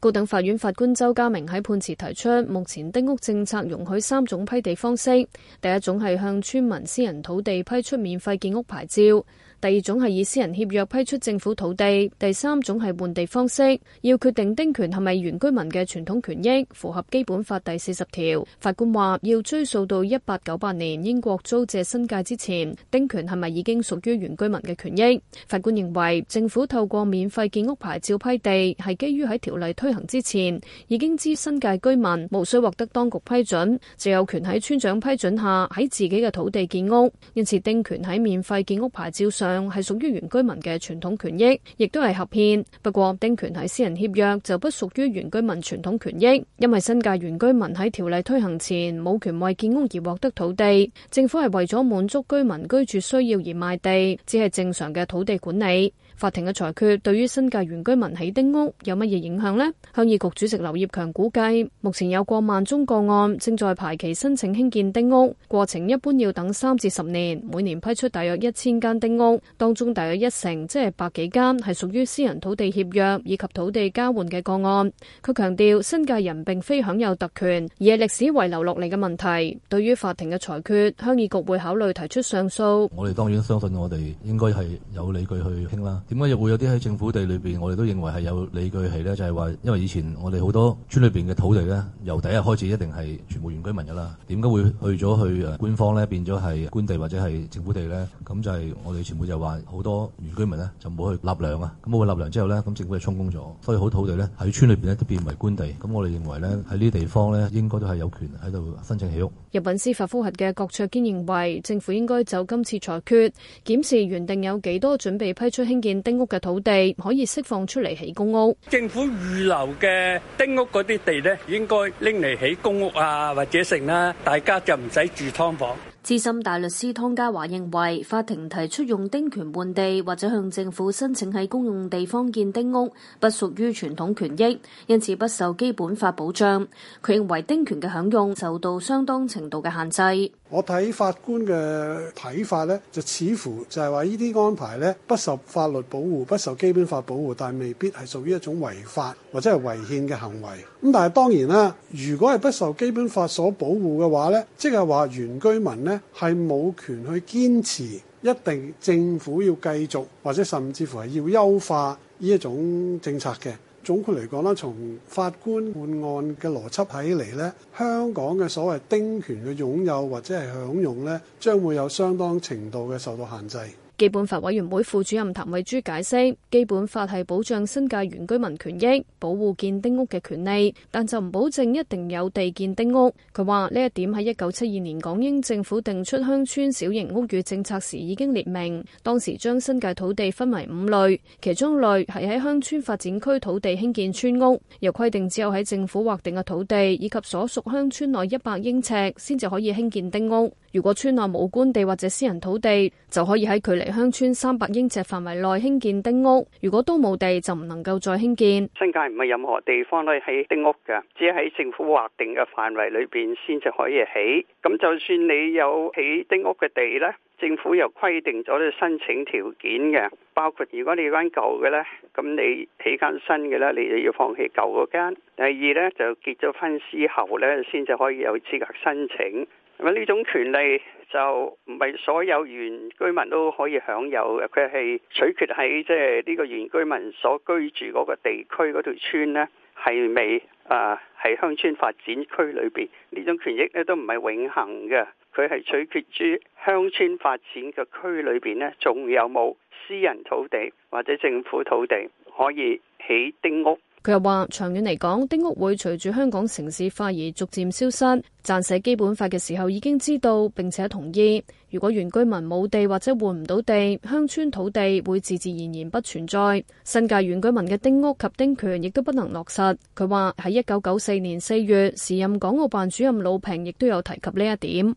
高等法院法官周家明喺判詞提出，目前丁屋政策容許三種批地方式，第一種係向村民私人土地批出免費建屋牌照。第二種係以私人協約批出政府土地，第三種係換地方式。要決定丁權係咪原居民嘅傳統權益，符合基本法第四十條。法官話要追溯到一八九八年英國租借新界之前，丁權係咪已經屬於原居民嘅權益？法官認為政府透過免費建屋牌照批地，係基於喺條例推行之前已經知新界居民無需獲得當局批准，就有權喺村長批准下喺自己嘅土地建屋。因此丁權喺免費建屋牌照上，係屬於原居民嘅傳統權益，亦都係合憲。不過丁權喺私人協約，就不屬於原居民傳統權益。因為新界原居民喺條例推行前冇權為建屋而獲得土地，政府係為咗滿足居民居住需要而賣地，只係正常嘅土地管理。法庭嘅裁決對於新界原居民起丁屋有乜嘢影響呢？鄉議局主席劉業強估計，目前有過萬宗個案正在排期申請興建丁屋，過程一般要等三至十年，每年批出大約一千間丁屋，當中大約一成，即係百幾間，係屬於私人土地協約以及土地交換嘅個案。佢強調，新界人並非享有特權，而係歷史遺留落嚟嘅問題。對於法庭嘅裁決，鄉議局會考慮提出上訴。我哋當然相信，我哋應該係有理據去傾啦。點解又會有啲喺政府地裏邊？我哋都認為係有理據係呢，就係話因為以前我哋好多村裏邊嘅土地呢，由第一日開始一定係全部原居民嘅啦。點解會去咗去誒官方呢？變咗係官地或者係政府地呢？咁就係我哋全部就話好多原居民呢，就冇去納糧啊。咁冇去納糧之後呢，咁政府就充公咗。所以好土地呢，喺村裏邊呢，都變為官地。咁我哋認為呢，喺呢啲地方呢，應該都係有權喺度申請起屋。入稟司法覆核嘅郭卓堅認為，政府應該就今次裁決檢視原定有幾多準備批出興建。丁屋嘅土地可以釋放出嚟起公屋。政府預留嘅丁屋嗰啲地咧，應該拎嚟起公屋啊，或者成啦，大家就唔使住劏房。資深大律師湯家驊認為，法庭提出用丁權換地或者向政府申請喺公用地方建丁屋，不屬於傳統權益，因此不受基本法保障。佢認為丁權嘅享用受到相當程度嘅限制。我睇法官嘅睇法呢，就似乎就係話呢啲安排呢，不受法律保護，不受基本法保護，但未必係屬於一種違法或者係違憲嘅行為。咁但係當然啦，如果係不受基本法所保護嘅話呢，即係話原居民呢。係冇權去堅持一定政府要繼續，或者甚至乎係要優化呢一種政策嘅。總括嚟講咧，從法官判案嘅邏輯睇嚟咧，香港嘅所謂丁權嘅擁有或者係享用咧，將會有相當程度嘅受到限制。基本法委員會副主任譚慧珠解釋，基本法係保障新界原居民權益，保護建丁屋嘅權利，但就唔保證一定有地建丁屋。佢話呢一點，喺1972年港英政府定出鄉村小型屋宇政策時已經列明，當時將新界土地分為五類，其中類係喺鄉村發展區土地興建村屋，又規定只有喺政府劃定嘅土地以及所屬鄉村內如果村內冇官地或者私人土地，就可以喺距離鄉村三百英尺範圍內興建丁屋；如果都冇地，就唔能夠再興建。新界唔係任何地方可以起丁屋嘅，只喺政府劃定嘅範圍裏邊先就可以起。咁就算你有起丁屋嘅地呢，政府又規定咗你申請條件嘅，包括如果你間舊嘅呢，咁你起間新嘅呢，你就要放棄舊嗰間。第二呢，就結咗婚之後呢，先就可以有資格申請。咁呢種權利就唔係所有原居民都可以享有嘅，佢係取決喺，即係呢個原居民所居住嗰個地區嗰條村呢係未啊？係、呃、鄉村發展區裏邊，呢種權益咧都唔係永恆嘅，佢係取決於鄉村發展嘅區裏邊呢仲有冇私人土地或者政府土地可以起丁屋。佢又話：長遠嚟講，丁屋會隨住香港城市化而逐漸消失。撰寫基本法嘅時候已經知道並且同意，如果原居民冇地或者換唔到地，鄉村土地會自自然然不存在，新界原居民嘅丁屋及丁權亦都不能落實。佢話喺一九九四年四月，時任港澳辦主任魯平亦都有提及呢一點。